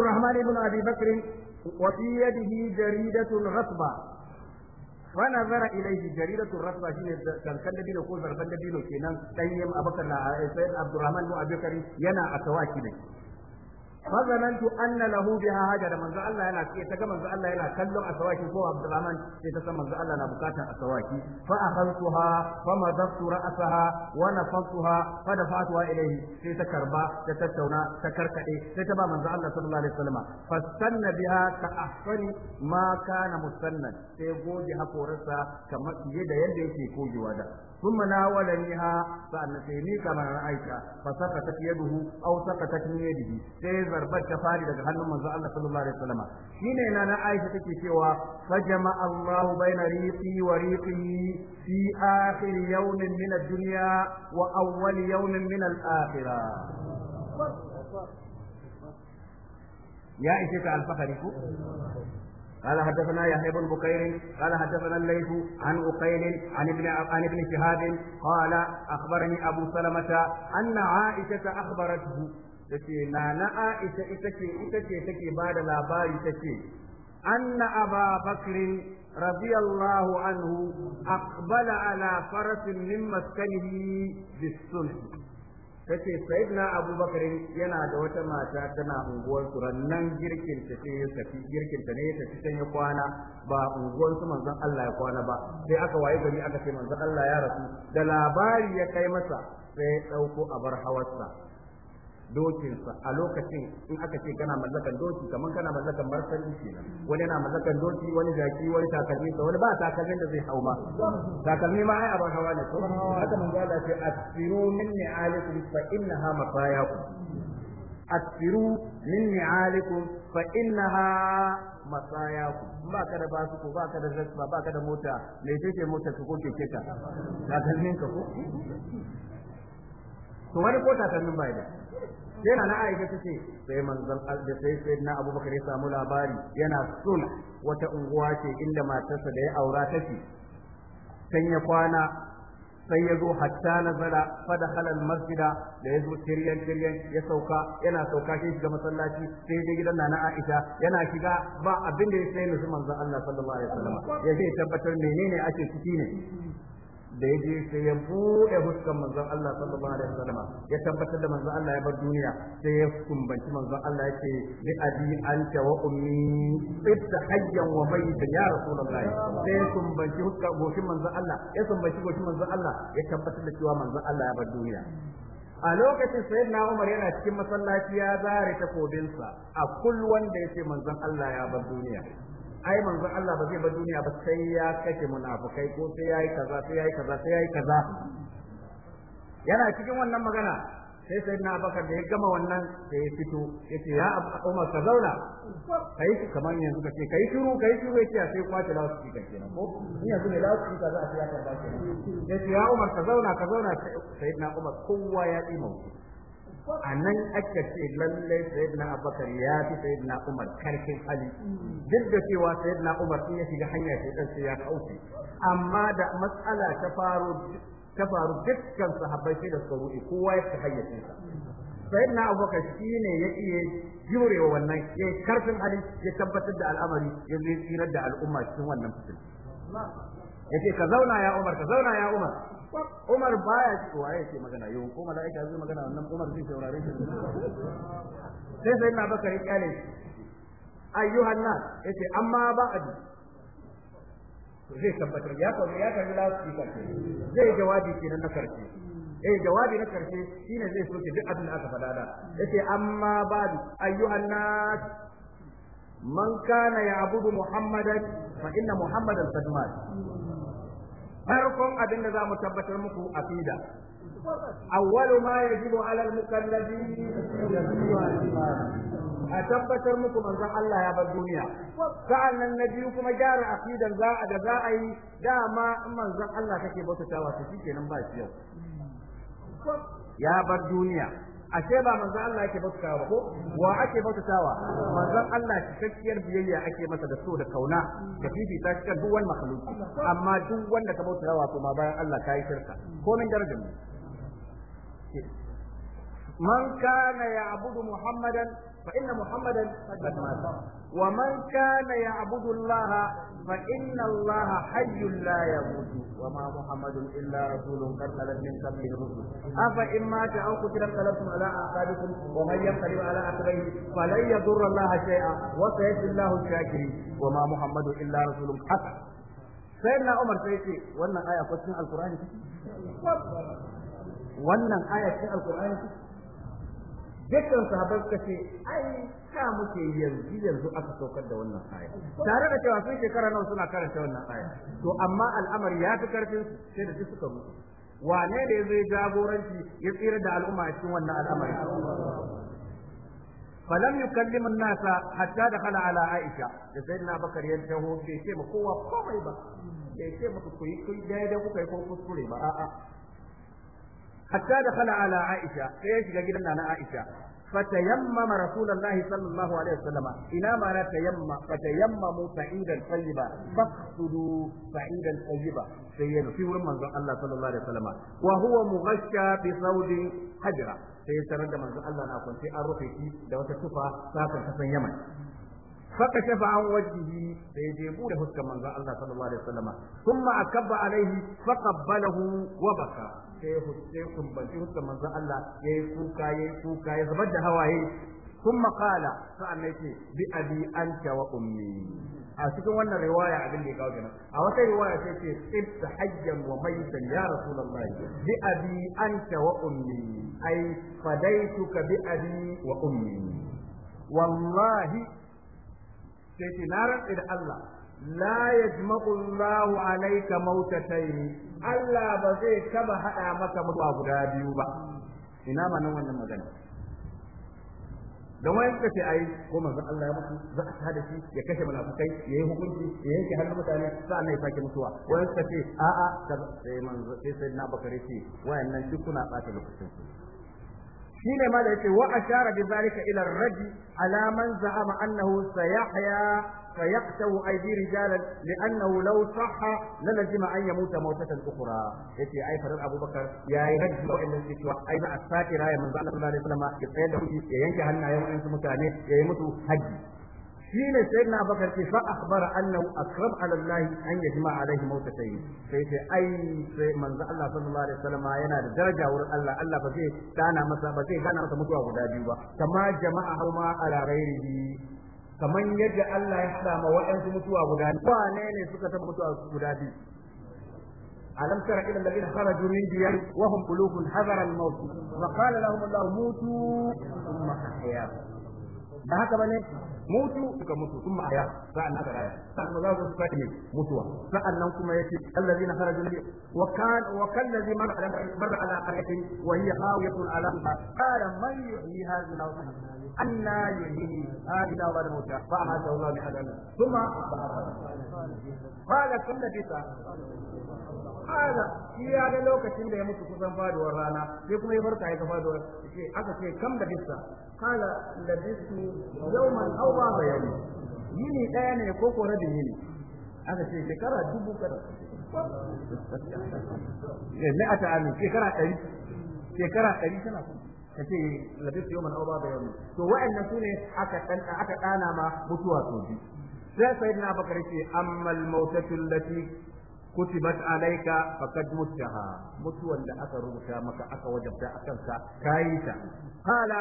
الرحمن بن أبي بكر وفي يده جريدة غصبة ونظر إليه جريدة الرصبة شيء كان كان دبينو كوزر كان دبينو كينان تيم أبو بكر سيد عبد الرحمن بن أبي بكر ينا أتواكي fazanantu anna lahu biha haja da manzo Allah yana ce ta ga manzo Allah yana kallon asawaki ko Abdurrahman sai ta san manzo Allah na bukatar asawaki fa akhadtuha fa madaftu ra'saha wa nafattuha fa dafa'tuha ilayhi sai ta karba ta tattauna ta karkade sai ta ba manzo Allah sallallahu alaihi wasallam fastanna biha ka ahsani ma kana musannan sai goge hakorarsa kamar yadda yadda yake gogewa da ثم ناولنيها فأن سيمي كما عائشة فسقطت يده أو سقطت من يده سي زربت تفاري لك هل من الله صلى الله عليه وسلم حين أنا عائشة تكيشوا فجمع الله بين ريقي وريقه في آخر يوم من الدنيا وأول يوم من الآخرة يا إشيك الفخر قال حدثنا يحيى بن بكير قال حدثنا الليث عن أقيل عن ابن عن ابن شهاب قال أخبرني أبو سلمة أن عائشة أخبرته تكي نانا عائشة تكي تكي تكي بعد لا باي تكي أن أبا بكر رضي الله عنه أقبل على فرس من مسكنه بالصلح tace sayyidina abubakar yana da wata mata tana unguwar su rannan girkin ta ce ya tafi girkin ta ne ya tafi ya kwana ba unguwar su manzon Allah ya kwana ba sai aka waye gari aka ce manzon Allah ya rasu da labari ya kai masa sai ya dauko abar hawarsa dokinsa a lokacin in aka ce kana mallakan doki kamar kana mallakan martani kenan wani yana mallakan doki wani jaki wani takalmi sa wani ba takalmin da zai hau ma takalmi ma ai abin hawa ne to haka mun gaya ce asiru min ni'alikum fa innaha masayakum asiru min ni'alikum fa innaha masayakum ba ka da basu ko ba ka da zakka ba ka da mota me ce mota ko keke ka takalmin ka ko to wani ko takalmin bai da yana na aisha ta ce sai manzon da sai sai na abubakar ya samu labari yana sun wata unguwa ce inda matarsa da ya aura take sai ya kwana sai ya zo hatta nazara fada halal masjida da ya zo kiryan kiryan ya sauka yana sauka shi shiga masallaci sai ya gidan nana Aisha yana shiga ba abin da ya sai nufi manzon Allah sallallahu alaihi wasallam ya zai tabbatar menene ake ciki ne da ya je sai ya buɗe huskan manzon Allah sallallahu alaihi wasallam ya tabbatar da manzon Allah ya bar duniya sai ya kumbanci manzon Allah yake ni abi anta wa ummi ibta hayyan wa mayyitan ya rasulullahi sai ya kumbanci huskan goshin manzon Allah ya kumbanci goshin manzon Allah ya tabbatar da cewa manzon Allah ya bar duniya a lokacin sayyid na umar yana cikin masallaci ya zare takobinsa a kullu wanda ya ce manzon Allah ya bar duniya ai manzon Allah ba zai bar duniya ba sai ya kashe munafukai ko sai yayi kaza sai yayi kaza sai yayi kaza yana cikin wannan magana sai sai na baka da ya gama wannan sai ya fito ya ce ya Umar ka zauna kai shi kamar yanzu ka kai shiru kai shiru yace sai kwace lawa su kace kenan ko ni yanzu ne lawa su kaza za a tsaya ka ba shi. ya ce ya Umar ka zauna ka zauna sai na Umar kowa ya imauci a nan ake ce lallai sayyidina abubakar ya fi sayyidina umar karfin hali duk da cewa sayyidina umar sun ya shiga hanya sai dan sai ya kauce amma da matsala ta faru ta faru dukkan sahabbai sai da suka ruɗe kowa ya ta hayyace sa sayyidina abubakar shine ya iya jurewa wannan ya karfin hali ya tabbatar da al'amari ya zai tsirar da al'umma cikin wannan fitin ce ka zauna ya umar ka zauna ya umar Umar baya ci ya ce magana yau ko malaika zai magana wannan Umar zai saurare shi sai sai na baka ya kyale shi ayyuhan nas yace amma ba'du zai tabbatar ya kawo ya kawo lafi kake zai jawabi kenan na karshe eh jawabi na karshe shine zai soke duk abin da aka faɗa da yace amma ba'du ayyuhan nas man kana ya'budu muhammadan fa inna muhammadan sadmat farkon abin da za mu tabbatar muku aqida awwalu ma yajibu ala al-mukallafi a tabbatar muku manzon Allah ya bar duniya sa'annan na biyu kuma gyara aqidan za a da za a yi dama in manzon Allah kake bautawa to shikenan ba shi yau ya bar duniya ashe ba manzon Allah yake tawa ko wa ake tawa manzon Allah cikakkiyar biyayya ake masa da so da kauna da fifita shi kan duwan makhluki amma duk wanda ka bauta tawa kuma bayan Allah kai shirka ko min darajar mu man kana ya'budu muhammadan fa inna muhammadan qad mata ومن كان يعبد الله فإن الله حي لا يموت وما محمد إلا رسول قد خلت من قبله الرسل أفإن مات أو قتل انقلبتم على أعقابكم ومن ينقلب على عقبيه فلن يضر الله شيئا وسيجزي الله الشاكرين وما محمد إلا رسول حسن سيدنا عمر سيدي وانا آية فتن القرآن wannan aya cikin alkur'ani dukkan sahabbai suka ce ai ka muke yanzu yanzu aka saukar da wannan aya tare da cewa sun shekara nawa suna karanta wannan aya to amma al'amari ya fi karfin sai da duk suka mutu. wane ne zai jagoranci ya tsira da al'umma a cikin wannan al'amari فلم يكلم الناس حتى da على bakar ya taho ينتهو ce ma kowa komai ba. bai ce ma ku yi kun da kuka yi ko kuskure ba a'a hatta da khala ala aisha sai ya shiga gidan nana aisha فتيمم رسول الله صلى الله عليه وسلم إلى ما تيمم فتيمموا سعيدا طيبا فاقصدوا سعيدا طيبا سيدنا في ورمان الله صلى الله عليه وسلم وهو مغشى بصوت حجرة سيترد من الله نكون في أرفقه لو تكفى ساكن حسن يمن فكشف عن وجهه سيجيبوا له كما الله صلى الله عليه وسلم ثم أكب عليه فقبله وبكى sai ya sai kumbanci huskar manzon Allah yayi kuka yayi kuka ya zubar da hawaye kuma kala sa'an nan ce bi abi anta wa ummi a cikin wannan riwaya abin da ya kawo kenan a wata riwaya sai ce ibta hajjan wa maytan ya rasulullahi bi abi anta wa ummi ai fadaituka bi abi wa ummi wallahi sai ce na da Allah la yajma'u Allahu alayka mautatayn Allah ba zai taba haɗa maka mutuwa guda biyu ba ina ma nan wannan magana da wani kace ai ko manzo Allah ya mutu za a tada shi ya kashe munafukai ya yi hukunci ya yanke hannun mutane sa'annan ya sake mutuwa wani kace ce a'a sai manzo sai sai na bakare shi wayannan duk kuna bata lokacin shi ne ma da yake wa ashara bi zalika ila raji ala man za'ama annahu sayahya فيقتو أيدي رجالا لأنه لو صح للزم أن يموت موتة أخرى يتي أي فرد أبو بكر يا يهد وإن السيشوى أي مع الساكرة يا من صلى الله عليه وسلم يتقيد ينكي هنا يوم أنت متاني يموت حجي shine sayyidina abubakar ce fa akhbara annahu akrab ala allah an yajma alaihi mautatayn sai ce ai sai manzo Allah sallallahu alaihi wasallam yana da daraja wurin Allah Allah ba zai dana masa ba zai gana masa mutuwa guda biyu ba kama jama'a hauma ala kamar yadda Allah ya haɗa ma waɗansu mutuwa guda biyu. Wane ne suka taɓa mutuwa guda biyu? Alam tara ilan da ina biyar wahun bulugun hazaran mawutu. Wa kala lahumun in maka hayar. ba haka bane mutu suka mutu sun ma'aya sa'an aka raya sa'an ba za su suka mutuwa sa'an nan kuma yace allazina kharaju li wa kan wa kan ladhi mar ala mar ala qaryatin wa hiya hawiyatun ala qala man yuhyi hadhihi al anna yuhyi hadhihi al-awsan fa ma sawla bi hadan thumma qala kam bisa. kala shi ya ga lokacin da ya mutu kusan faduwar rana sai kuma ya farka ya ga faduwar ce aka ce kam da bisa kala bisu yawman aw ba bayani yini daya ne ko ko rabin yini aka ce shekara dubu kada ya ne eh, ata amin shekara dari shekara dari tana kuma ka ce labistu yawman aw ba bayani to wa'annan sune aka aka dana ma mutuwa to bi sai sayyidina bakar ce ammal mautatul lati kutibat alaika faqad mutaha mutuwan da aka rubuta maka aka wajabta akan sa kai ta qala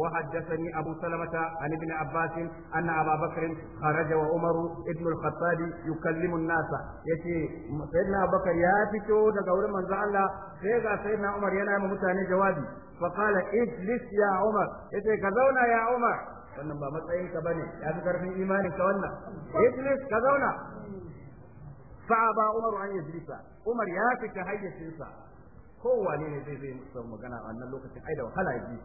wa haddathani abu salamata an ibn abbas an abu bakr kharaja wa umar ibn al-khattab yukallimu an-nasa yace sayyidina ya fito daga wurin manzo Allah sai ga sayyidina umar yana yi mutane jawabi fa qala ijlis ya umar yace ka zauna ya umar wannan ba matsayin ka bane ya fi karfin imanin ka wannan ijlis ka zauna فابى عمر ان يجلس Umar ya fita hayyacinsa kowane ne zai zai musu magana a wannan lokacin ai da wahala ji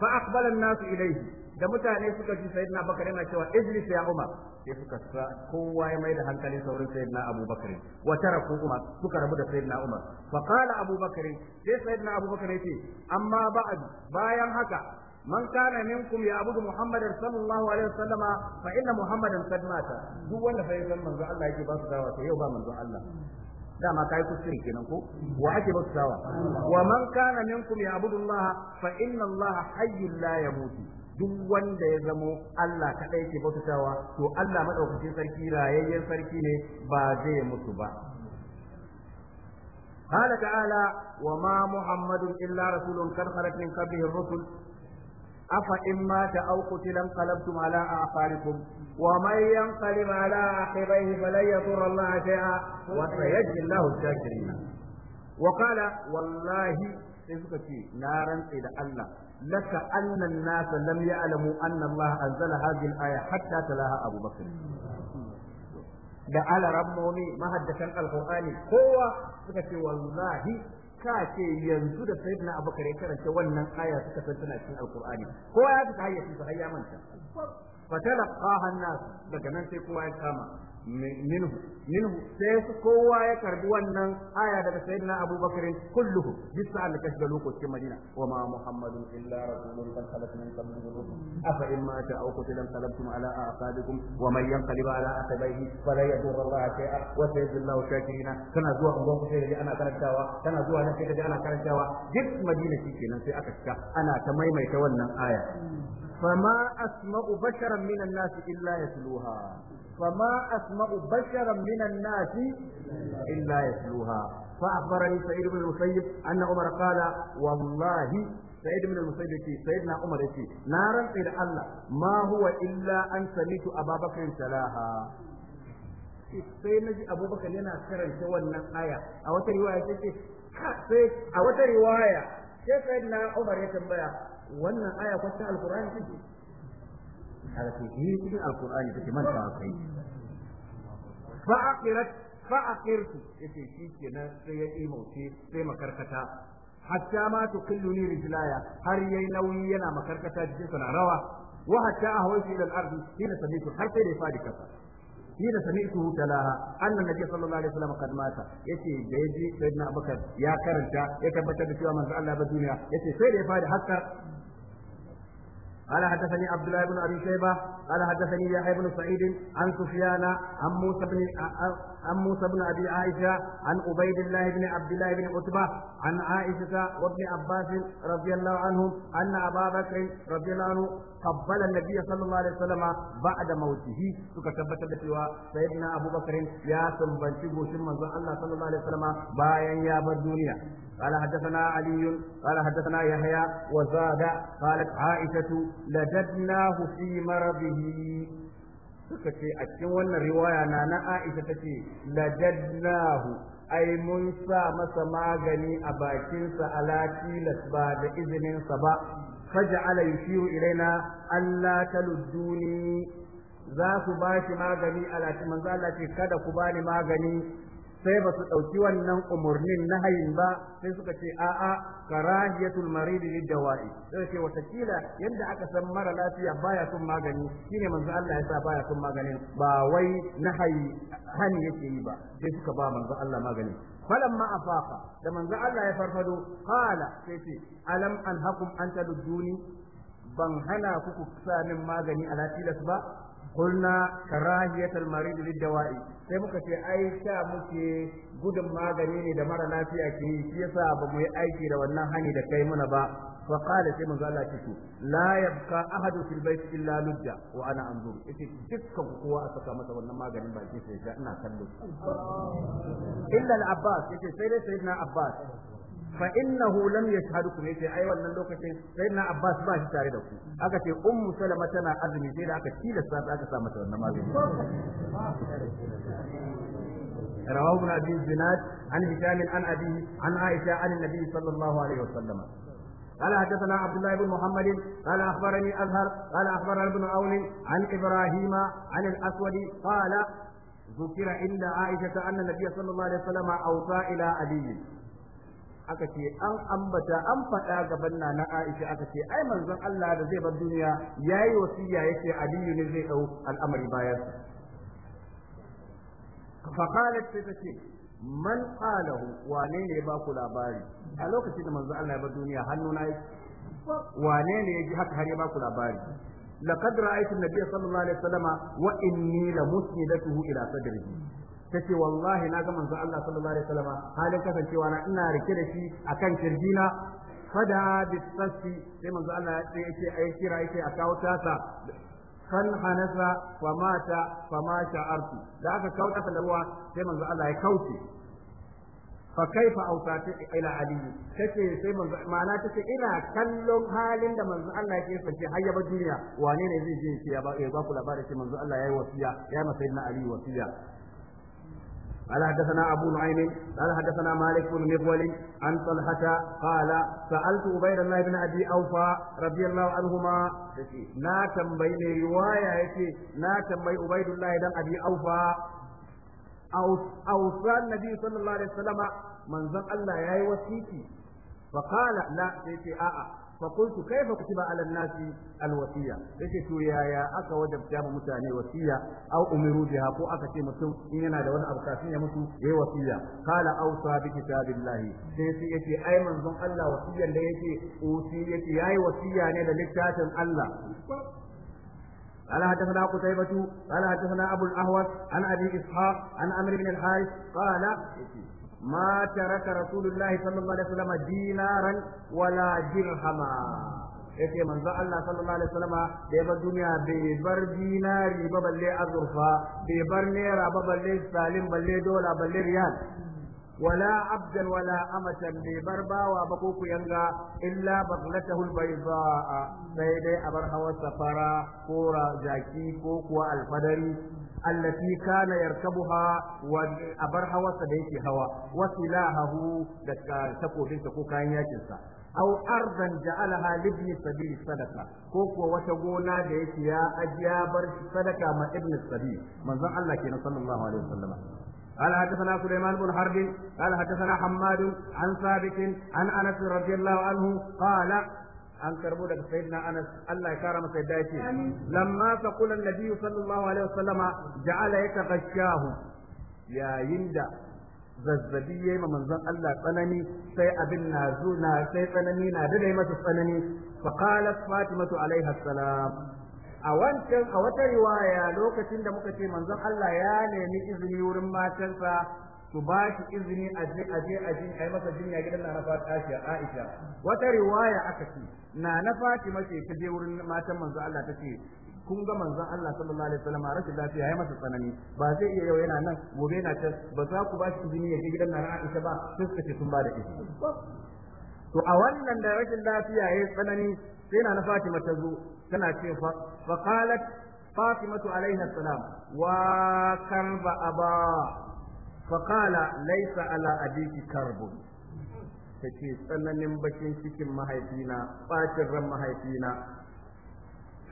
fa aqbala an-nas ilayhi da mutane suka ji sayyidina bakar na cewa ijlis ya umar sai suka sa kowa ya maida hankali saurin sayyidina abubakar wa taraku umar suka rabu da sayyidina umar fa qala abubakar sai sayyidina abubakar ya ce amma ba'd bayan haka man kana minkum ya abudu muhammadan sallallahu alaihi wasallam fa inna muhammadan qad mata duk wanda fa yasan manzo Allah yake ba su yau ba Allah dama kai kuskure kenan ko wa ake ba su wa man kana minkum ya abudu fa inna Allah hayyul la yamutu duk wanda ya zamo Allah kaɗai ke bautawa to Allah maɗaukacin sarki rayayyen sarki ne ba zai mutu ba. wa ma وما محمد إلا رسول قد خلت من قبله الرسل afa in mata aw qutila mala a aqarikum wa man yanqalib ala aqibayhi falan yadurra Allah shay'a wa sayajzi Allahu shakirin wa qala wallahi sai suka ce na rantse da Allah laka anna an-nas lam ya'lamu anna Allah anzala hadhihi al-aya hatta talaha Abu Bakr da alarammomi mahaddatan alqur'ani kowa suka ce wallahi ka ce yanzu da sayyidina abubakar ya karanta wannan aya suka san tana cikin alqur'ani kowa ya fita hayyaci har ya manta fatalaqaha an hannas daga nan sai kowa ya kama minhu minhu sai su kowa ya karbi wannan aya daga sayyidina abubakar kulluhu bisa da kashga lokacin madina wa ma muhammadun illa rasulun qad khalat min qablihi rusul afa in mata aw qutilan qalabtum ala aqabikum wa man yanqalib ala aqabihi fala yadur Allah shay'a wa sayajillahu shakirina kana zuwa ungon ku sai ana karantawa kana zuwa nan sai kaje ana karantawa duk madina kenan sai aka cika ana ta maimaita wannan aya فما أسمع بشرا من الناس إلا يتلوها فما أسمع بشرا من الناس إلا يتلوها فأخبرني سعيد بن المسيب أن عمر قال والله سعيد بن المسيب سيدنا عمر نارا إلى الله ما هو إلا أن سميت أبا بكر تلاها sai na ji abubakar yana karanta wannan aya a wata riwaya ce sai a wata riwaya sai sayyidina Umar ya tambaya wannan aya kwata alqur'ani ce هذا في في القرآن في من تعطي فأقرت فأقرت يتي شيء كنا سيئي موتي سيما كركتا حتى ما تقلني رجلايا هر ينوي ينا مكركتا جسنا روى وحتى أهويت إلى الأرض حين سميت حتى لفادي كفر حين سمعته تلاها أن النبي صلى الله عليه وسلم قد مات يتي بيجي سيدنا أبو بكر يا كرنتا يتبتر بشيوة من فعل الله بالدنيا يتي سيدي فادي حتى قال حدثني عبد الله بن ابي شيبه قال حدثني يحيى بن سعيد عن سفيان عن موسى بن عن موسى بن أبي عائشة عن عبيد الله بن عبد الله بن عتبة عن عائشة وابن عباس رضي الله عنهم أن أبا بكر رضي الله عنه قبل النبي صلى الله عليه وسلم بعد موته تكتبت بسوى سيدنا أبو بكر يا سنبنشي بوشن من الله صلى الله عليه وسلم بايا يا الدنيا قال حدثنا علي قال حدثنا يحيى وزاد قالت عائشة لجدناه في مرضه suka ce a cikin wannan riwaya na na Aisha tace lajadnahu ai mun sa masa magani a bakinsa ala tilas ba da izinin sa ba faj'ala yushiru ilaina alla taludduni za ku ba shi magani ala manzo Allah ce kada ku bani magani sai ba su ɗauki wannan umarnin na hayin ba sai suka ce a'a karahiyatul maridi lid dawa'i sai ce watakila yadda aka san mara lafiya baya son magani shine manzo Allah ya sa baya son magani ba wai na hayi hani yake yi ba sai suka ba manzo Allah magani فلما أفاق لما الله sai قال alam ألم أنهكم أن تلدوني ban hana ku ku min magani ala tilas ba kulna karahiyat marid lid dawa'i sai muka ce ai sha muke gudun magani ne da mara lafiya ke yi shi yasa ba mu yi aiki da wannan hani da kai muna ba fa qala sai manzo Allah ce la yabqa ahadu fil bayt illa lujja wa ana anzur ita dukkan kowa a saka masa wannan maganin ba ke sai ina kallo illa al-abbas yace sai dai sayyidina abbas fa innahu lam yashhadukum yace ai wannan lokacin sai na abbas ba shi tare da ku aka ce ummu salama tana azumi sai da aka tila sa aka sa mata wannan mazumi rawahu ibn abi zinad an hisam an abi an aisha an nabi sallallahu alaihi wasallam قال حدثنا عبد الله بن محمد قال اخبرني ازهر قال اخبرنا ابن اول عن ابراهيم عن الاسود قال ذكر عند عائشه ان النبي صلى الله عليه وسلم اوصى الى ابيه aka ce an ambata an faɗa gaban na na Aisha aka ce ai manzon Allah da zai bar duniya yayi wasiya yake Aliyu ne zai dau al'amari bayan fa qalat sai tace man qalahu wane ne ba ku labari a lokacin da manzon Allah ya bar duniya hannu na yi. wane ne ya ji haka har ya ba ku labari laqad ra'aytu an-nabiy sallallahu alaihi wasallama wa inni musnidatuhu ila sadrihi tace wallahi na ga manzon Allah sallallahu alaihi wasallam halin kasancewa na ina rike da shi akan kirjina fada bisassi sai manzo Allah ya ce ai kira yake a kawo tasa kan hanasa wa mata fa ma sha'artu da aka kawo ta da ruwa sai manzo Allah ya kauce fa kaifa awsati ila ali kace sai manzo ma'ana tace ina kallon halin da manzo Allah yake fice har ba duniya wane ne zai je ya ba ya ba ku labarin sai manzo Allah yayi wasiya ya masa sayyidina ali wasiya قال حدثنا أبو نعيم قال حدثنا مالك بن مغول عن طلحة قال سألت عبيد الله بن أبي أوفى رضي الله عنهما نا تنبي رواية يتي نا تنبي عبيد الله بن أبي أوفى أوصى النبي صلى الله عليه وسلم من زم الله يا وسيتي فقال لا سيتي آآ fa qultu kayfa kutiba ala an-nasi al-wasiya yace to yaya aka wajabta mu mutane wasiya aw umiru biha ko aka ce mutum in yana da wani abu kafin ya mutu ya yi wasiya kala awsa bi kitabillahi sai sai yace ai manzon Allah wasiyar da yake usi yace yayi wasiya ne da littafin Allah قال حدثنا قتيبة قال حدثنا أبو الأهوس عن أبي إسحاق عن عمرو بن الحارث قال ما ترك رسول الله صلى الله عليه وسلم دينارا ولا درهما yake manzo Allah sallallahu alaihi wasallam da ya bar duniya bai bar dinari ba balle azurfa bai bar naira ba balle salim balle dola balle riyal wala abdan wala amatan bai bar bawa ba ko ku yanga illa baghlatahu ba. sai dai a bar hawa safara ko jaki ko kuwa alfadari allati kana yarkabuha wa a bar hawa sa da yake hawa Wasu silahahu da takobin ko kayan yakin sa aw ardan ja'alaha libni sabil sadaka ko kuwa wata gona da yake ya ajiya bar sadaka ma ibn sabil manzon Allah kenan sallallahu alaihi wasallam قال حدثنا سليمان بن حرب قال حدثنا حماد عن ثابت عن انس رضي الله عنه قال an karbo daga sayyidina Anas Allah ya kara masa yadda yake lamma faqala an-nabi sallallahu alaihi wasallama ja'ala yataghashahu yayin da zazzabi yayi ma manzon Allah tsanani sai abin na zo sai tsanani na da masa tsanani faqalat fatimatu alaiha salam a wancan a wata riwaya lokacin da muka ce manzon Allah ya nemi izini wurin matansa su ba shi izini a je a je a je a yi masa jinya gidan na Fatima Aisha wata riwaya aka ce na na Fatima ce ta je wurin matan manzon Allah ta ce kun ga manzon Allah sallallahu alaihi wasallam rashin lafiya ya masa tsanani ba zai iya yau yana nan gobe na can ba za ku ba shi izini ya je gidan na Aisha ba sai suka ce sun ba da izini to a wannan da rashin lafiya ya tsanani sai na Fatima ta zo tana ce fa qalat Fatimatu alaiha salam wa karba aba fa qala laysa ala abiki karbun tace tsananin bakin cikin mahaifina bacin ran mahaifina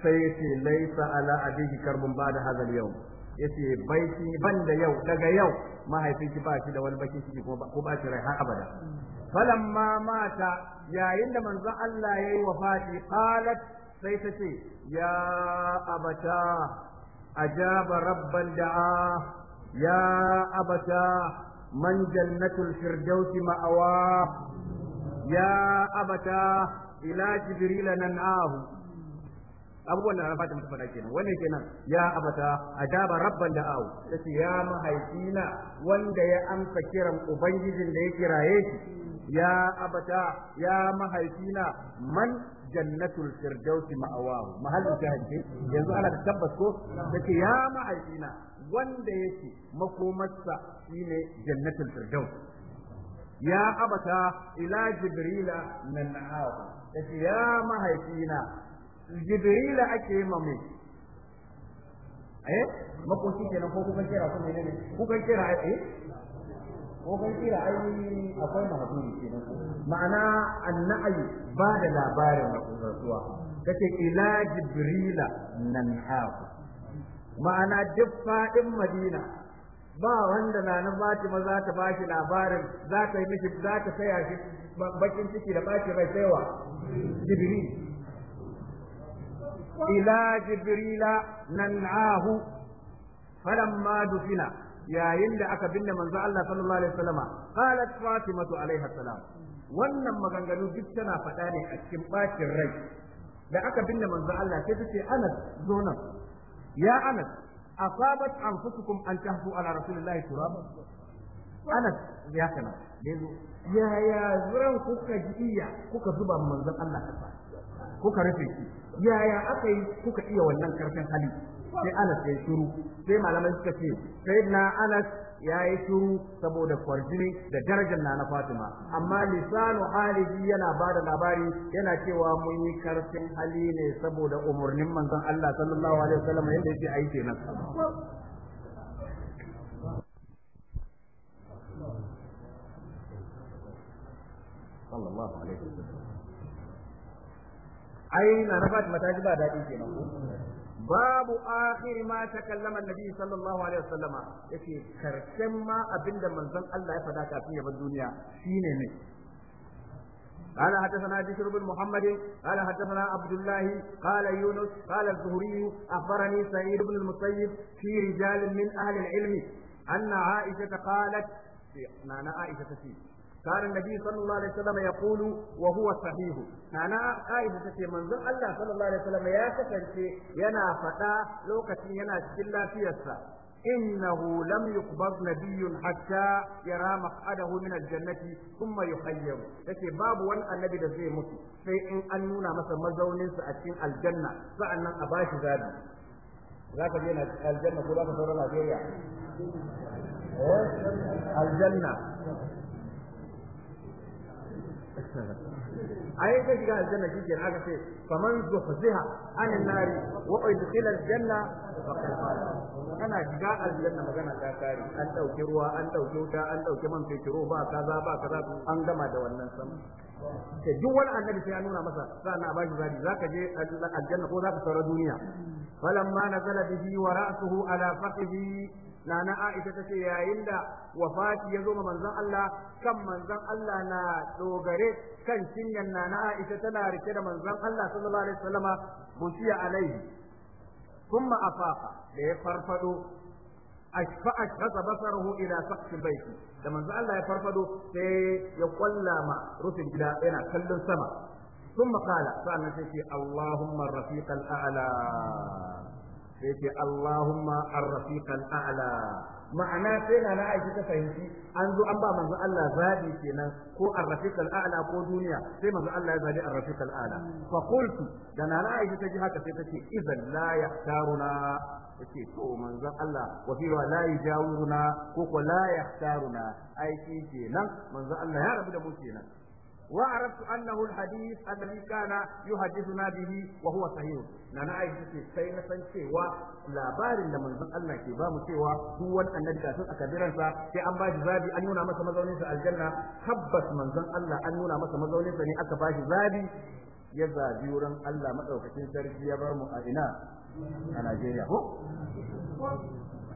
sai yace laisa ala abiki karbun ba da hazal yau yace ban banda yau daga yau mahaifinki ba shi da wani bakin ciki ko ba shi rai har abada falamma mata yayin da manzon Allah yayi wafati qalat sai ta ce ya abata ajaba rabban da'a ya abata man jannatul firdausi ma'awa ya abata ila jibril nan'ahu abubuwan da Arafat ta fada kenan wannan kenan ya abata adaba rabban da au yace ya mahaifina wanda ya amsa kiran ubangijin da ya kiraye shi ya abata ya mahaifina man jannatul firdausi ma'awahu mahallin jahannam yanzu ana tabbas ko yace ya mahaifina wanda yake makomarsa shine jannatul firdaus ya abata ila jibrila nan na'ahu yace ya mahaifina jibrila ake yi mamu eh makoci kenan ko kukan kira ne menene kukan kira eh ko kan kira ai akwai mahaduri kenan ma'ana annabi ba da labarin rasuwa kace ila jibrila nan hafu ma'ana duk fadin madina ba wanda na nan Fatima ma za ta bashi labarin za ta yi mishi za ta saya shi bakin ciki da bashi rai saiwa jibril إلى جبريل ننعاه فلما دفن يا يند أكبن من الله صلى الله عليه وسلم قالت فاطمة عليها السلام wannan maganganu duk tana faɗa ne a cikin ɓacin rai da aka binne manzo Allah sai ta ce Anas zo nan ya Anas asabat anfusukum an tahfu ala rasulillah turaba Anas ya kana yanzu ya ya zuran kuka iya kuka zuba manzon Allah kasa kuka rufe shi yaya aka yi kuka iya wannan karfin hali sai Anas ya shiru sai malamai suka ce na Anas ya yi shiru saboda kwarjini da darajar na na Fatima amma lisanu halihi yana ba da labari yana cewa mun yi karfin hali ne saboda umarnin manzon Allah sallallahu alaihi wasallam yadda yake ayi kenan sallallahu alaihi wasallam ai na rafa mata ji ba daɗi kenan ko babu akhir ma takallama annabi sallallahu alaihi wasallama yace karshen ma abinda manzon Allah ya faɗa kafin ya bar duniya shine ne قال حدثنا بشر بن محمد قال حدثنا عبد الله قال يونس قال الزهري اخبرني سعيد بن المسيب في رجال من اهل العلم ان عائشه قالت نانا عائشه تسيب كان النبي صلى الله عليه وسلم يقول وهو صحيح أنا قائد تتي منظر الله صلى الله عليه وسلم يا كتنتي ينا فتاة لو كتن ينا شكلا في السا إنه لم يقبض نبي حتى يرى مقعده من الجنة ثم يخيم تتي باب وان النبي ده زي مكي في إن أنونا مثلا مزونين سأتين الجنة فأنا أباشي ذلك ذاك جينا الجنة كلها في Najeriya. Aljanna ai ka shiga aljanna kike aka ce faman zuhziha anin nari wa udkhila aljanna kana shiga aljanna magana ta kare an dauki ruwa an dauki wuta an dauki man fitiro ba kaza ba kaza an gama da wannan sama ce duk wani annabi sai ya nuna masa sa'an a bashi Za ka je aljanna ko za zaka saura duniya falamma nazala bihi wa ra'suhu ala faqihi nana Aisha ta ce yayin da wafati ya zo ma manzon Allah kan manzon Allah na dogare kan cinyar nana Aisha tana rike da manzon Allah sallallahu alaihi wasallama bushiya alaihi kuma afafa da ya farfado ashfa ashfa basaruhu ila saqf albayt da manzon Allah ya farfado sai ya kwallama rufin gida yana kallon sama ثم قال فأنا شيء اللهم الرفيق الأعلى sai ce Allahumma ar-rafiqal a'la ma'ana sai na na aiki ta fahimci an zo an ba manzo Allah zabi kenan ko ar-rafiqal a'la ko duniya sai manzo Allah ya zabi ar-rafiqal a'la fa qultu da na na aiki ta ji haka sai ta ce idan la yahtaruna yace to manzo Allah wa fi la yajawuruna ko ko la yahtaruna aiki kenan manzo Allah ya rabu da mu kenan وعرفت أنه الحديث الذي كان يحدثنا به وهو صحيح na aisha ce sai na san cewa labarin da manzon Allah ke ba mu cewa duk wani annabi kafin a kabiransa sai an bashi zabi an nuna masa mazaunin sa aljanna tabbas manzon Allah an nuna masa mazaunin sa ne aka bashi zabi ya zabi wurin Allah madaukakin sarki ya bar mu a ina a Najeriya ko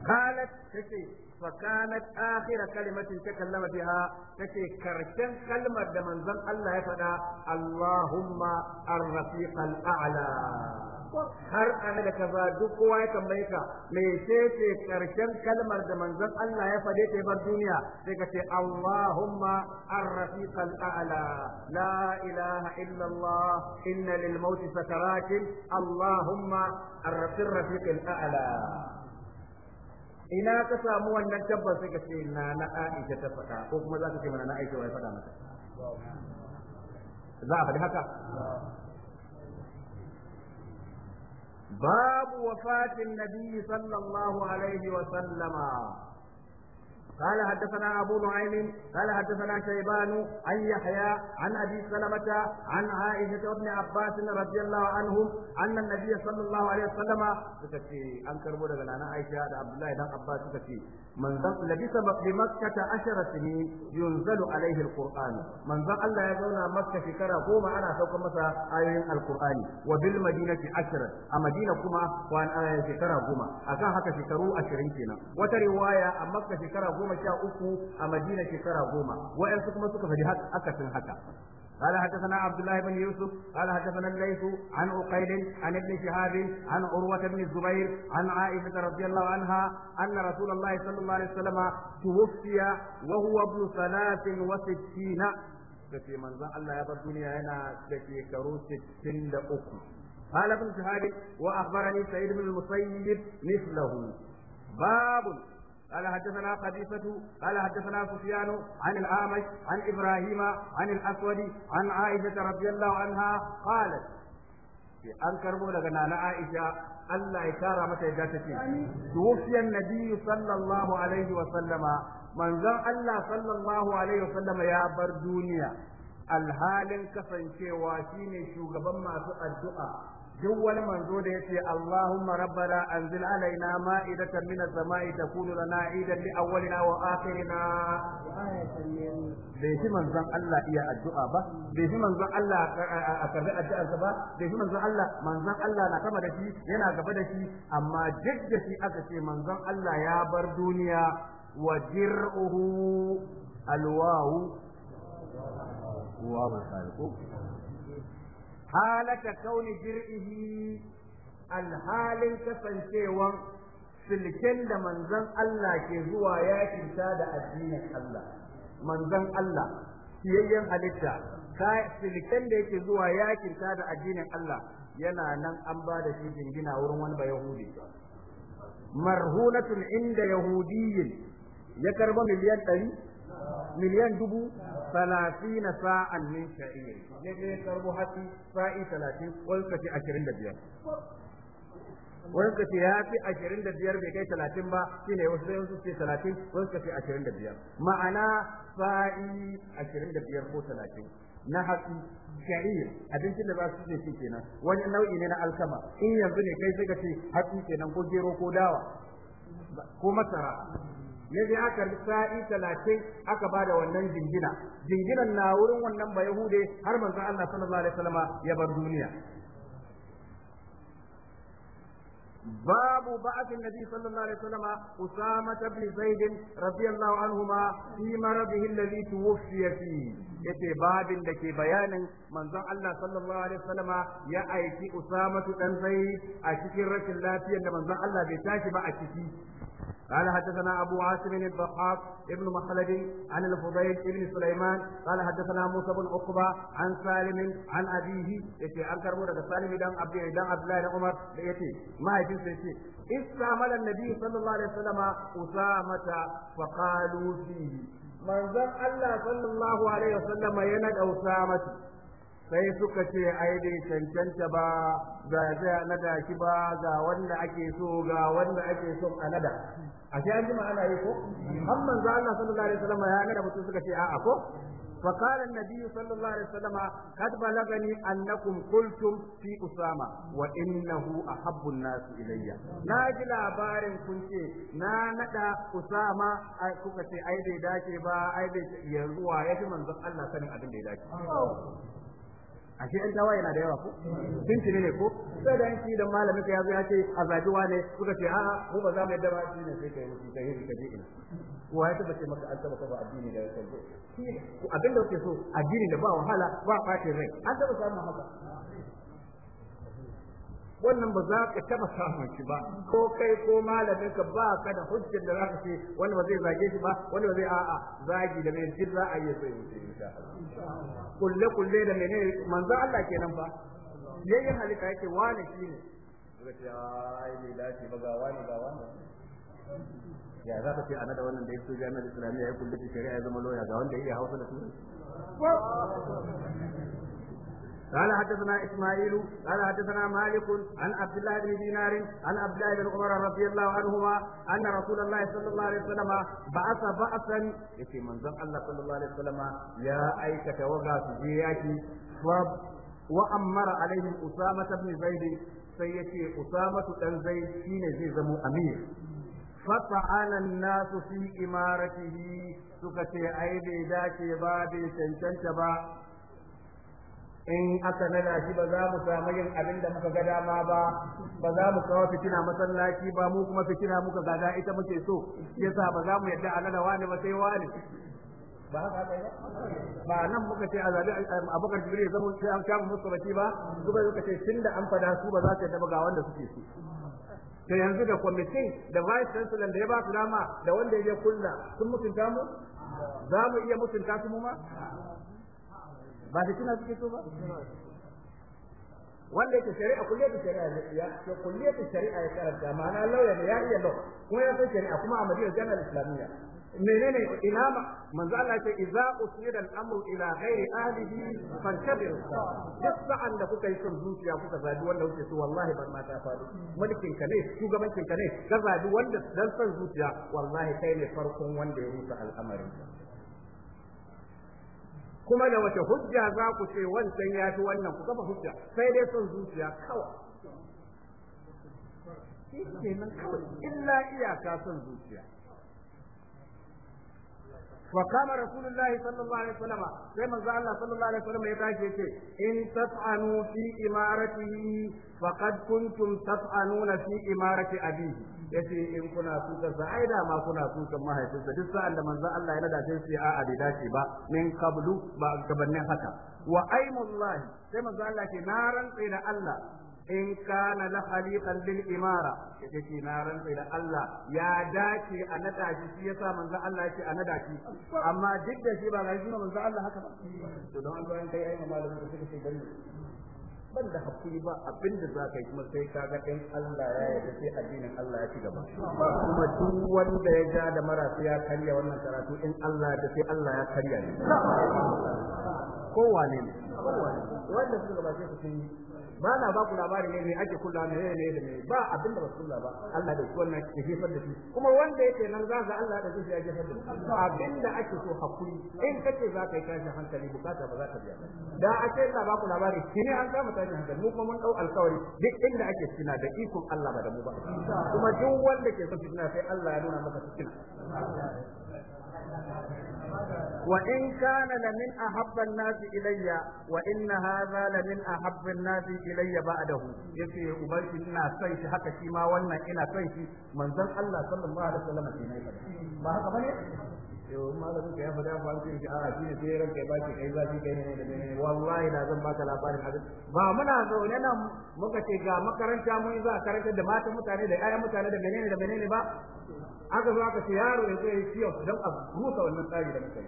قالت تكي فكانت آخر كلمة تكلم kalmar da كرشن كلمة Allah ya faɗa, Allahuma اللهم الرفيق الأعلى har ana da kaza duk kowa ya tambaye ka me ce ce karshen kalmar da manzon Allah ya fade ta bar duniya sai ka ce Allahumma ar-rafiq al-a'la la ilaha illa Allah inna lil maut sakaratin Allahumma ar-rafiq al-a'la ina ka samu wannan tabbas sai ka ce na na Aisha ta faɗa ko kuma za ka ce mana na Aisha wai faɗa mata za a faɗi haka باب وفاة النبي صلى الله عليه وسلم قال حدثنا أبو نعيم قال حدثنا شيبان عن يحيى عن أبي سلمة عن عائشة وابن عباس رضي الله عنهم أن النبي صلى الله عليه وسلم تكفي أنكر مولى أنا عائشة عبد الله بن عباس تكفي من لبس بمكة عشر سنين ينزل عليه القرآن من ذا الله يزونا مكة في كرة قوم أنا سوق مسا آيين القرآن وبالمدينة عشر أمدينة كما وأن آية في كرة قوم أكان حتى في كرو عشرين كنا وترواية مكة في كرة goma sha uku a Madina shekara goma wa'ansu kuma suka faɗi akasin haka قال حدثنا عبد الله بن يوسف قال حدثنا الليث عن عقيل عن ابن شهاب عن عروة بن الزبير عن عائشة رضي الله عنها أن رسول الله صلى الله عليه وسلم توفي وهو ابن ثلاث وستين في منزل الله يبر الدنيا هنا في كروس ستين لأكل قال ابن شهاب وأخبرني سعيد بن المسيب مثله باب قال حدثنا قبيصة قال حدثنا سفيان عن الأعمش عن إبراهيم عن الأسود عن عائشة رضي الله عنها قالت أن كربو لغنا عائشة الله يكرم متى توفي النبي صلى الله عليه وسلم من ذا الله صلى الله عليه وسلم يا بر دنيا alhalin kasancewa shine shugaban masu addu'a duk wani manzo da ya yace Allahumma rabbana anzil alaina ma'idatan min as-sama'i takunu lana idan li awwalina wa akhirina bai shi manzon Allah iya addu'a ba bai shi manzon Allah a karbi addu'arsa ba bai shi manzon Allah manzon Allah na kama da shi yana gaba da shi amma duk da shi aka ce manzon Allah ya bar duniya wa dir'uhu alwawu wa ba halata kauni jir'ihi alhalin kasancewan silken da manzon Allah ke zuwa ya kinta da addinin Allah manzon Allah siyayyen halitta silken da yake zuwa ya kinta da addinin Allah yana nan an ba da shi jingina wurin wani ba yahudi marhunatun inda Yahudiyun ya karba miliyan ɗari miliyan dubu na sa'an ne sha'ir ne ne karbo hatsi sa'i talatin wani kace ashirin da biyar wani kace ya fi ashirin da biyar bai kai talatin ba shine wasu sai wasu ce talatin wani kace ashirin da biyar ma'ana sa'i ashirin da biyar ko talatin na hatsi sha'ir abincin da ba su ce kenan wani nau'i ne na alkama in yanzu ne kai sai ka ce hatsi kenan ko gero ko dawa ko masara ya je aka sa'i talatin aka bada wannan jingina jinginan na wurin wannan ba yahude har manzo Allah sallallahu alaihi wasallama ya bar duniya babu بعث النبي صلى الله عليه وسلم أسامة بن زيد رضي الله عنهما في مرضه الذي توفي فيه yake babin da ke bayanin manzon Allah sallallahu alaihi wasallama ya aiki Usama dan Zaid a cikin rashin lafiyar da manzon Allah bai tashi ba a ciki قال حدثنا أبو عاصم الضحاك ابن مخلد عن الفضيل ابن سليمان قال حدثنا موسى بن عقبة عن سالم عن أبيه يتي أنكر مرة سالم دام عبد دام عبد الله عمر يتي ما يجوز يتي استعمل النبي صلى الله عليه وسلم أسامة فقالوا فيه manzon Allah sallallahu alaihi wasallam yana da Usamatu sai suka ce ai da cancanta ba ga zai nada shi ba ga wanda ake so ga wanda ake so a nada a sai an ji ma'ana yi ko har manzo Allah sallallahu alaihi wasallam ya nada mutum suka ce a'a ko sallallahu alaihi wasallam kad balagani annakum qultum fi usama wa innahu ahabbu an-nas ilayya. Na ji labarin kun ce na nada usama ai kuka ce ai bai dace ba ai bai yanzu wa yafi manzon Allah sanin abin da ya dace oh. ashe yan tawaye na da yawa ko tuntuni ne ko sai da yanki dan malamin ka yazo ya ce a azabiwa ne kuka ce a'a ko ba za mu yadda ba shi ne sai kai musu sai ka je ina wa ya ce maka an taba ba addini da ya tabbace abin da kuke so addini da ba wahala ba fatin rai an taba samun haka wannan ba za ka taba samun shi ba ko kai ko malamin ka ba ka da hujjar da za ka ce wani ba zai zage shi ba wani ba zai a'a zagi da mai jin za a yi sai insha Allah kulle kulle da menene manzo Allah kenan fa yayin halitta yake wani ne? zaka ce ai bai shi ba ga wani ga wani ya za ka ce ana da wannan da ya so na islamiyya ya kulle shari'a ya zama loya ga wanda ya iya hausa da turanci قال حدثنا اسماعيل قال حدثنا مالك عن عبد الله بن دينار عن عبد الله بن عمر رضي الله عنهما ان رسول الله صلى الله عليه وسلم بعث بعثا يتي من منزل الله صلى الله عليه وسلم يا ايك توغا سجياكي فاب وأمر عليهم أسامة بن زيد سيتي أسامة بن زيد حين زيزم أمير فطعن الناس في إمارته سكتي أيدي ذاك بابي تنتنت با in aka nada shi ba za mu samu yin abin da muka ga dama ba ba za mu kawo fitina masallaci ba mu kuma fitina muka gada ita muke so yasa ba za mu yadda a wani ba sai wani ba haka ba ba nan muka ce azabi eh, abokan jibril ya zama sai an kama musu baki ba kuma muka ce tunda an fada su ba za su yadda ba ga wanda suke so sai yanzu da kwamitin da vice chancellor da ya ba su dama da wanda ya kulla sun mutunta mu za mu iya mutunta su mu ma ba suna suke so ba wanda yake shari'a kulliyatu shari'a ne ya to kulliyatu shari'a ya karanta ma'ana lauya ne ya iya law kuma ya san shari'a kuma a Madina Jami'ar Islamiyya menene ina manzo Allah ce idza usnida al-amru ila ghairi ahlihi fantabir duk sa'an da kuka yi son zuciya kuka zabi wanda kuke so wallahi ban ma ta faru mulkin ka ne shugabancin ka ne ka zabi wanda dan san zuciya wallahi kai ne farkon wanda ya rusa al'amarin kuma da wace hujja za ku ce wancan ya fi wannan ku kafa hujja sai dai son zuciya kawai ke nan kawai illa iyaka son zuciya وقام رسول الله صلى الله عليه وسلم كما قال الله صلى الله عليه وسلم يتاكي إن تطعنوا في إمارته فقد كنتم تطعنون في إمارة أبيه yace in kuna sukan sa ai da ma kuna sukan mahaifinsa duk sa'an da manzon Allah ya nada sai a a bai dace ba min qablu ba gabanin haka wa aimullahi sai manzon Allah ke na rantsi da Allah in kana la khaliqan bil imara yace ki na rantsi da Allah ya dace a nada shi shi yasa manzo Allah yace a nada shi amma duk da shi ba ga shi manzo Allah haka ba to don Allah kai ai malamin da suka ce gani ban da hakuri ba abin da za ka yi kuma sai ka ga ɗin Allah ya yarda sai addinin Allah ya ci gaba kuma duk wanda ya ja da marasu ya karya wannan karatu in Allah da sai Allah ya karya ne kowane ne wanda suka su sun yi ba na ba ku labarin ne ake kula ne ne ne ba abin da ba ba Allah da shi wannan ke jefar da shi kuma wanda yake nan za ga Allah da zuciya ke jefar da shi abin da ake so hakuri in kace za ka yi tashin hankali bukata ba za ta biya da ake na ba ku labarin shi ne an samu tashin hankali mu kuma mun dau alkawari duk inda ake fitina da ikon Allah ba da mu ba kuma duk wanda ke so fitina sai Allah ya nuna maka fitina وإن كان لمن أحب الناس إلي وإن هذا لمن أحب الناس إلي بعده يسي أبي إنا سيش حتى شما وانا إنا سيش من ذن الله صلى الله عليه وسلم ما هذا بني yau malamin ka ya faɗa ya faru sai a shi ne sai ranka ba baki kai zafi kai ne da ne wallahi da ba ka labarin abin ba muna zaune nan muka ce ga makaranta mun za a karanta da matan mutane da mutane da menene da menene ba aka zo aka ce yaro ya zo ya ciyo don a rusa wannan tsari da muka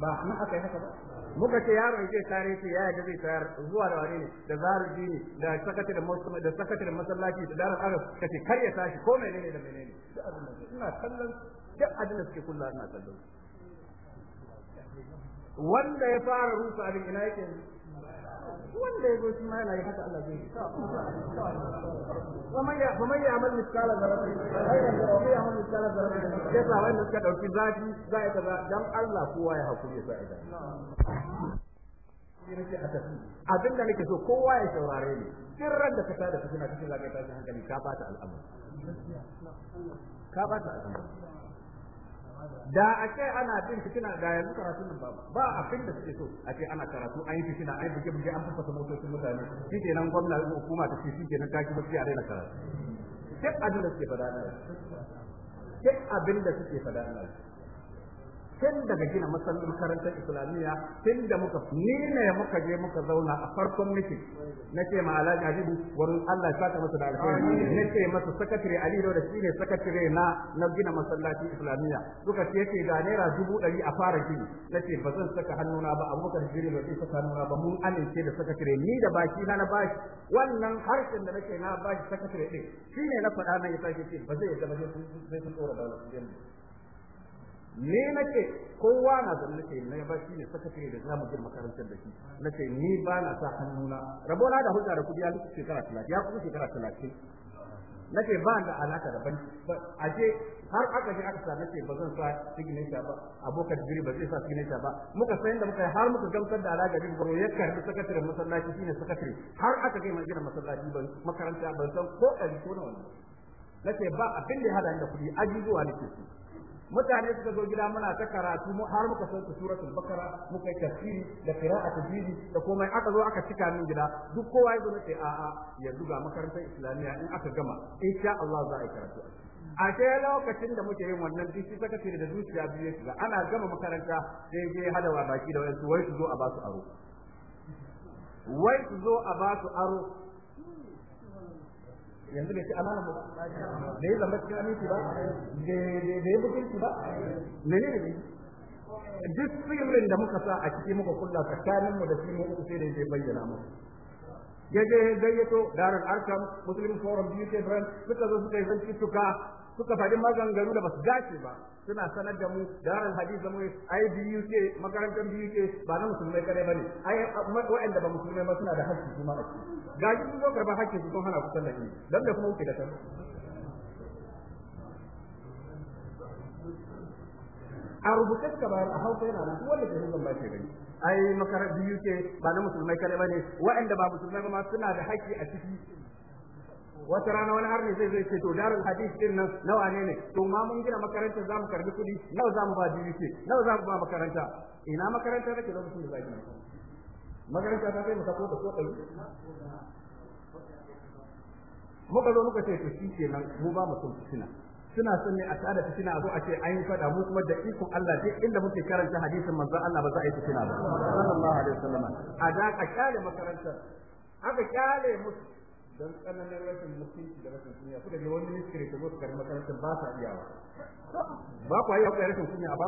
ba na aka yi haka ba muka ce yaron zai tare ce ya yadda zai tayar zuwa da wani ne da zarar dini da sakatar da musulmi da sakatar da masallaci da daren arab kace kar ya tashi ko menene da menene duk abin da ina kallon duk abin da suke kullawa ina kallon wanda ya fara rusa abin ina yake yanzu wanda ya zo shi ma yana yi haka Allah zai wa man ya'mal mithqala dharratin wa man ya'mal mithqala dharratin yasa wanda suka dauki zafi za ya kaza dan Allah kowa ya hakuri ya sa'i abin da nake so kowa ya saurare ni sirran da ka tada fitina cikin zaka tashi hankali ka bata al'amari ka bata al'amari da a ce ana bin fitina da yanzu karatu nan ba ba abin da suke so a ce ana karatu an yi fitina an yi buge buge an fasa motocin mutane shi ke nan gwamna hukuma ta ce shi ke nan kaki mafi a raina karatu duk abin da suke faɗa duk abin da suke faɗa tun daga gina masallin makarantar islamiyya tun da muka ni ne muka je muka zauna a farkon miki nace ma alhaji habibu wurin Allah saka masa da alkhairi nace masa sakatare ali da shi ne sakatare na na gina masallaci islamiyya suka ce ce ga naira dubu ɗari a fara gini na ce ba zan saka hannuna ba abubakar jibril da zai saka hannuna ba mun amince da sakatare ni da baki na na bashi wannan harshen da nake na bashi sakatare din shine na faɗa na ya sake ce ba zai yadda ba zai sun da ba ne nake kowa na da nake ne ba shi ne sakatare da zamu girma karantar da shi nace ni ba na sa hannuna rabo na da hulɗa da kudi ya kusa shekara 30 ya kusa shekara 30 nace ba da alaka da banki aje har aka je aka sa nace ba zan sa signature ba abokan jiri ba zai sa signature ba muka sayin da muka har muka gamsar da alaka jin goro ya karbi sakataren masallaci shine sakatare har aka kai mai gina masallaci ban makaranta ban san ko ɗari ko na wannan nace ba abin da ya hada da kudi ajizuwa nake su mutane suka zo gida muna ta karatu mu har muka sauka suratul bakara muka yi tafsiri da qira'atu bibi da komai aka zo aka cika min gida duk kowa ya zo ne a a yanzu ga makarantar islamiyya in aka gama insha Allah za a yi karatu a sai lokacin da muke yin wannan duk saka saka da zuciya biye shiga ana gama makaranta sai je hadawa baki da wani wai su zo a ba su aro wai su zo a ba su aro yanzu bai ci amana ba da ya zama cikin aminci ba da ya bukinci ba ne ne duk sirrin da muka sa a ciki muka kulla tsakanin mu da shi mu uku sai da zai bayyana mu ya gayyato Darul Arkam Muslim Forum UK Brand suka zo suka yi suka. suka faɗi maganganu da basu dace ba suna sanar da mu daren hadisi mu ai biyu ke makarantar biyu ke ba na musulmai kare bane ai waɗanda ba musulmai ba suna da hakki kuma a ciki gaji sun ko karba hakki su sun hana ku sallah ne dan da kuma kuke da kan a rubuce ka ba a hausa yana nan wanda ke hukun ba ke gani ai makarantar biyu ke ba na musulmai kare bane waɗanda ba musulmai ba ma suna da hakki a ciki wata rana wani har ne zai zai ce to darul hadith din nan nawa ne ne to ma mun gina makarantar zamu karbi kudi nawa zamu ba ce nawa zamu ba makaranta ina makaranta take mutum da zai makaranta ta kai mutako ko da ko muka zo muka ce to shi nan mu ba mu son fitina suna son ne a tsada fitina a zo a ce an yi fada mu kuma da ikon Allah duk inda muke karanta hadisin manzon Allah ba za a yi fitina ba sallallahu alaihi wasallam a da ka kyale makarantar aka kyale musu don tsananin rashin mutunci da rashin kunya kuka ga wani ya ta zo karɓi makarantar ba sa iya ba ku yi akwai rashin kunya ba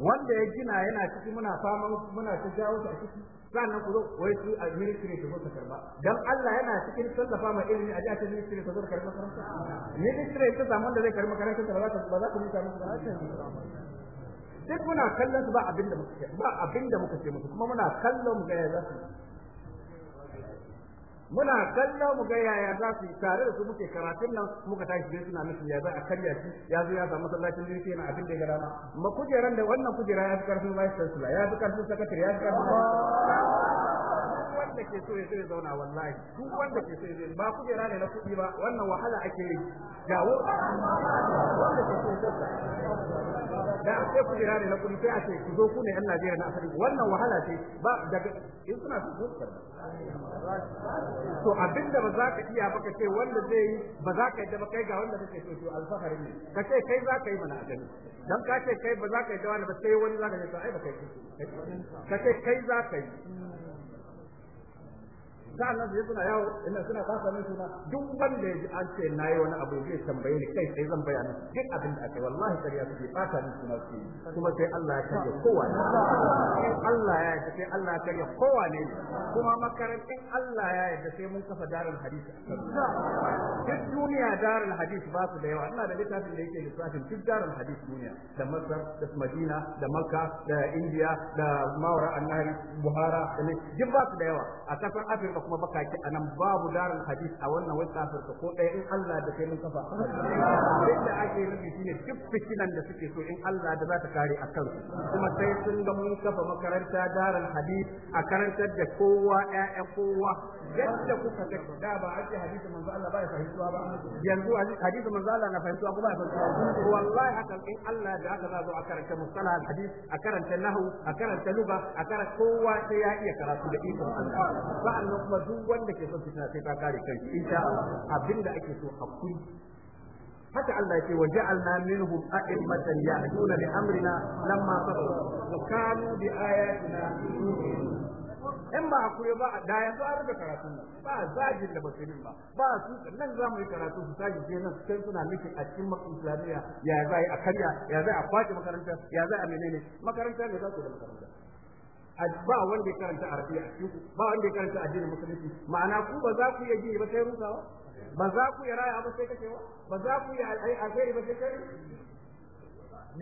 wanda ya gina yana ciki muna fama muna ta jawo ta ciki sannan ku zo wai su a ministry ta zo karba dan Allah yana cikin tallafa ma ilimi a jihar ministry ta zo ka makarantar? makaranta ta samu da zai karba makaranta ba za ka ba za ka mutu musu duk muna kallon su ba abinda muka ce ba abinda muka ce musu kuma muna kallon mu ga ya za su muna kallo mu ga yaya za su yi tare da su muke karatun nan muka tashi dai suna nufin ya za a karya shi ya zo ya samu masallacin dutse na abin da ya rana ma kujeran da wannan kujera ya fi karfin vice chancellor ya fi karfin secretary ya fi karfin wanda ke so ya zai zauna wallahi duk wanda ke so ya zai ba kujera ne na kuɗi ba wannan wahala ake yi jawo wanda ke so ya zauna da a ko jira ne na kudi sai a ce ku zo ku ne yan Najeriya na asali wannan wahala ce ba daga in suna su zo to abinda ba za ka iya ba ka ce wanda zai yi ba za ka yi da ba kai ga wanda kake so to alfahari ne ka ce kai za ka yi mana ajali dan ka ce kai ba za ka yi da wani ba sai wani za ka yi to ai ba kai ka ce kai za ka yi sa'annan su suna yawo inda suna fasa min suna duk wanda ya ji an ce na yi wani abu zai tambaye ni kai sai zan bayani duk abin da ake wallahi kariya suke fata min suna su kuma sai Allah ya karya kowane. ne Allah ya yarda sai Allah ya karya kowane. ne kuma makarantin Allah ya yarda sai mun kafa darul hadisi duk duniya darul hadisi ba su da yawa ina da littafin da yake littafin duk darul hadisi duniya da Masar da Madina da Makka da India da Mawara Annari Buhara da ne. duk ba su da yawa a kasar Afirka kuma bakaki a nan babu darin hadis a wannan west africa ko ɗaya in allah da sai mun kafa abin da ake nufi shine duk fitinan da suke so in allah da za ta kare a kansu kuma sai sun ga mun kafa makaranta darin hadis a karantar da kowa ƴaƴa kowa yadda kuka ta. da ba ake hadisin manzo allah ba ya fahimtuwa ba yanzu hadisin manzo allah na fahimtuwa kuma ba ya fahimtuwa wallahi hakan in allah da aka za zo a karanta mustalah hadis a karanta nahwu a karanta luga a karanta kowa sai ya iya karatu da ikon allah sa'annan kuma duk wanda ke son fitina sai ta kare kai insha Allah abinda ake so hakuri haka Allah yake waja'alna minhum a'immatan yahduna bi amrina lamma sabaru wa kanu bi ayatina in ba hakuri ba da yanzu an rubuta karatun ba, ba zagin da basu ba ba su nan za mu yi karatu su zagin ke nan sai suna nufin a cikin islamiyya ya za a yi a karya ya za a kwace makaranta ya za a menene makaranta ne za ku da makaranta ba wanda ya karanta arabiya a cikin ba wanda ya karanta addinin musulunci ma'ana ku ba za ku iya ji ba sai rusawa ba za ku iya raya ba sai kashewa ba za ku iya alheri ba sai kai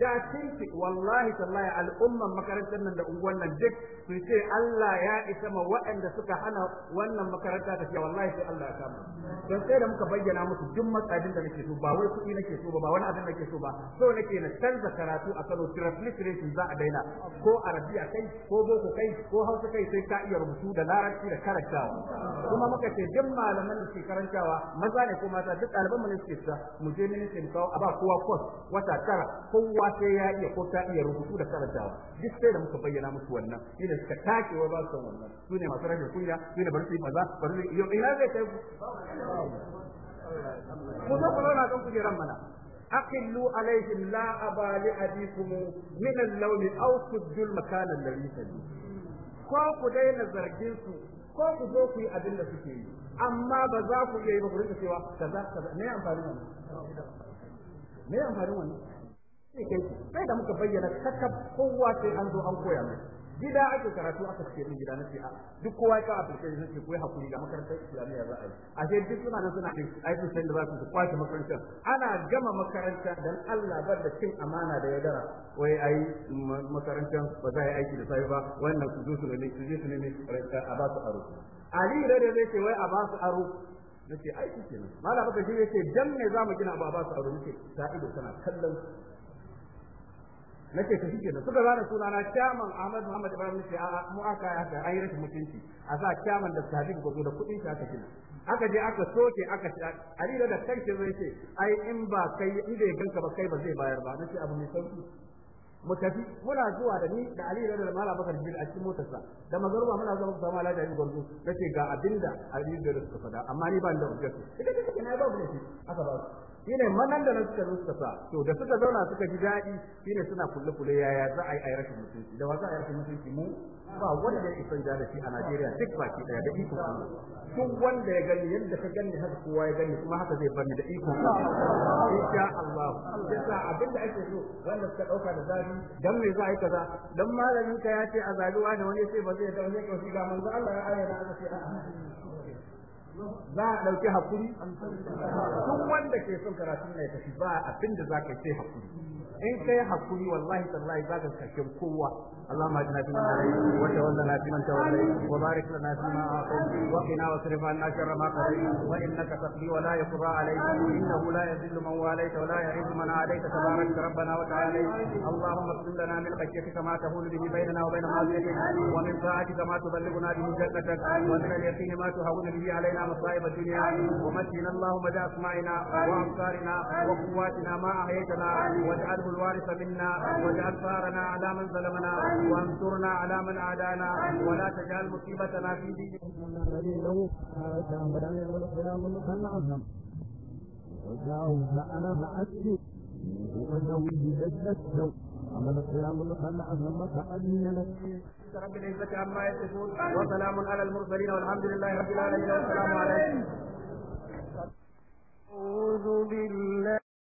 da tinki wallahi tallahi al'umman makarantar nan da unguwan nan duk su ce Allah ya isa ma waɗanda suka hana wannan makaranta ta ce wallahi sai Allah ya kama don sai da muka bayyana musu duk matsabin da nake so ba wai kuɗi nake so ba ba wani abin nake so ba so nake na canza karatu a Kano transliteration za a daina ko arabiya kai ko boko kai ko hausa kai sai ka iya rubutu da larabci da karantawa kuma muka ce duk malaman da ke karantawa maza ne ko mata duk ɗaliban mu ne suke sa mu je ministry kawo a ba kowa course wata tara kowa sai ya iya ko ta iya rubutu da karantawa duk sai da muka bayyana musu wannan Ina suka take wa ba su wannan su ne masu rashin kunya su ne bar su yi maza bar su yi ina zai kai ku ku zo ku zauna kan kujeran mana la abali لا أبا لأبيكم من اللون أو سدوا makan alladhi سدوا ko ku daina zargin su ko ku zo ku yi abin da suke yi amma ba za ku iya yi ba ku rinka cewa kaza kaza me amfani wannan me amfani wannan kai sai da muka bayyana kakab kowa sai an zo an koya mai gida ake karatu aka ce min gida nace a duk kowa ka afirka ne nace koyi hakuri ga makarantar islamiyya za a yi a sai duk suna nan suna aiki aikin sai da za su kwace makaranta ana gama makaranta dan Allah bar da cin amana da ya dara wai ai makarantar ba za a yi aiki da safe ba wannan su zo su ne su je su ne a ba su aro Ali da da zai ce wai a ba su aro nace ai kenan malama ka ji yace dan me za mu gina ba ba su aro nace ta ido tana kallon nace ka shi kenan suka zana suna na chairman Ahmad Muhammad Ibrahim ce a mu aka ya ta ayi rashin mutunci a sa chairman da Sadiq gozo da kudin shi aka kina aka je aka soke aka ci Ali da kanki zai ce ai in ba kai in ba kai ba zai bayar ba nace abu mai sauki mu tafi muna zuwa da ni da Ali da Mala Bakar Jibril a cikin motarsa da magarwa muna zama mu samu Alhaji Gordo nace ga abinda Ali da suka fada amma ni ba ni da objective ita take na ba ku ne aka ba shine manan da suka zo suka sa to da suka zauna suka ji daɗi shine suna kulle kulle yaya za a yi a rashin mutunci da wasu a yi rashin mutunci mu ba wanda ya isa da shi a Najeriya duk baki daya da iko duk wanda ya gani yadda ka gani haka kowa ya gani kuma haka zai bani da iko insha Allah yasa abinda ake so wanda suka dauka da zafi dan me za a yi kaza dan malamin ka ya ce a zaluwa da wani sai ba zai da wani kauci ga manzo Allah ya ayyana aka ce a'a za a ɗauki hakuri duk wanda ke son karatun ne tafi ba abin da za ka yi sai hakuri in kai hakuri wallahi tallahi zaka kashin kowa اللهم اجعلنا فيمن هديت وتولنا فيمن توليت وبارك لنا فيما اعطيت وقنا واصرف عنا شر ما قضيت وانك تقضي ولا يقضى عليك انه لا يذل من واليت ولا يعز من عليت تبارك ربنا وتعاليت اللهم اغفر لنا من خشيتك ما تهون به بيننا وبين معصيتك ومن طاعتك ما تبلغنا به جنتك ومن اليقين ما تهون به علينا مصائب الدنيا ومتنا اللهم باسماعنا وابصارنا وقواتنا ما احييتنا واجعله الوارث منا واجعل ثارنا على من ظلمنا وانصرنا على من عادانا ولا تجعل مصيبتنا في ديننا وسلام على المرسلين والحمد لله رب العالمين والسلام عليكم أعوذ بالله